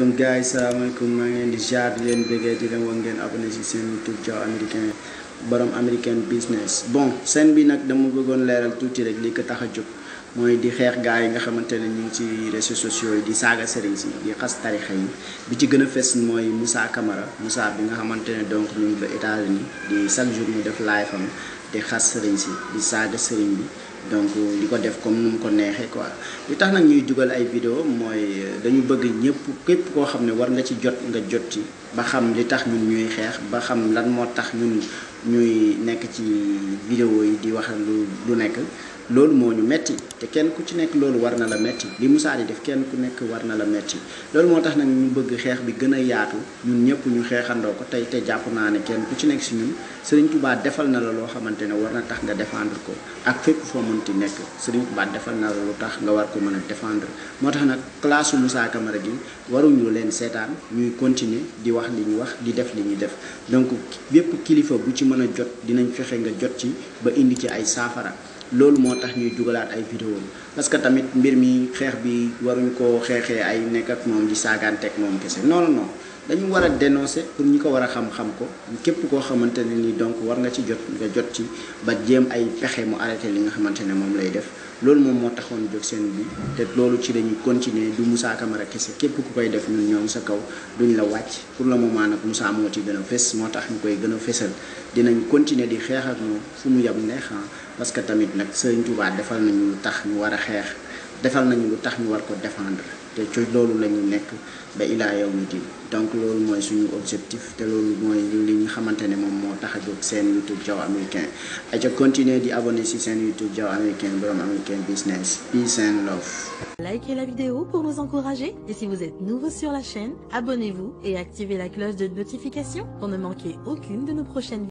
alaikum guys assalamu alaikum ma di jaar di leen bëggee di leen wax ngeen abonné si seen youtube jaw américain borom américain business bon scène bi nag dama bëggoon leeral tuuti rek li ko tax mooy di xeex gaa yi nga xamante ne ñu ngi ci réseaux sociaux yi di saaga sëriñ si di xas tarixa yi bi ci gën fes mooy Moussa Camara Moussa bi nga xamante ne donc ñu ngi ba États-Unis di chaque jour mu def live am di xas sëriñ si di saaga sëriñ bi donc di ko def comme nu mu ko neexee ko li tax nag ñuy dugal ay vidéo mooy euh, dañu bëgg ñëpp képp koo xam ne war nga ci jot nga jot ci ba xam li tax ñun ñuy xeex ba xam lan moo tax ñun ñuy nekk ci vidéo yi di wax lu lu nekk loolu moo ñu metti te kenn ku ci nekk loolu war na la metti li Moussa di def kenn ku nekk war na la metti loolu moo tax nag ñu bëgg xeex bi gën a yaatu ñun ñëpp ñu xeexandoo ko tey te jàpp naa ne kenn ku ci nekk si ñun Serigne defal na la loo xamante ne war na tax nga défendre ko ak fépp foo mënti nekk Serigne Touba defal na lu tax nga war ko mën defendre moo tax nag classe Moussa Camara gi waruñu leen seetaan ñuy continuer di wax li ñu wax di def li ñuy def donc bépp kilifa bu ci mën a jot dinañ fexe nga jot ci ba indi ci ay saafara loolu moo tax ñuy jugalaat ay vidéo parce que tamit mbir mi xeex bi waruñu koo xeexee ay nekk moom di saagaanteeg moom kese non non. dañu war a dénoncer pour ñi ko war a xam-xam ko képp koo xamante ne nii donc war nga ci jot nga jot ci ba jéem ay pexe mu arrêté li nga xamante ne moom lay def loolu moom moo taxoon jóg seen bi te loolu ci dañuy continuer du Moussa Camara kese képp ku koy def ñun ñoom sa kaw duñ la wàcc pour le moment nag Moussa moo ci gën a fës moo tax ñu koy gën a fësal dinañ continuer di xeex ak moom fu mu yem neex ah, parce que tamit nag Serigne Touba defal nañu lu tax ñu war a xeex. defal nañu lu tax ñu war ko défendre té ci lolu la nek ba ila yawmi mi din donc lolu moy suñu objectif té lolu moy li ñu xamante mom mo moo tax a jóg YouTube Diaw Américain aca continuer di abonner si sen YouTube Diaw Américain Borom Américain Business peace and love likez la vidéo pour nous encourager et si vous êtes nouveau sur la chaîne abonnez-vous et activez la cloche de notification pour ne manquer aucune de nos prochaines vidéos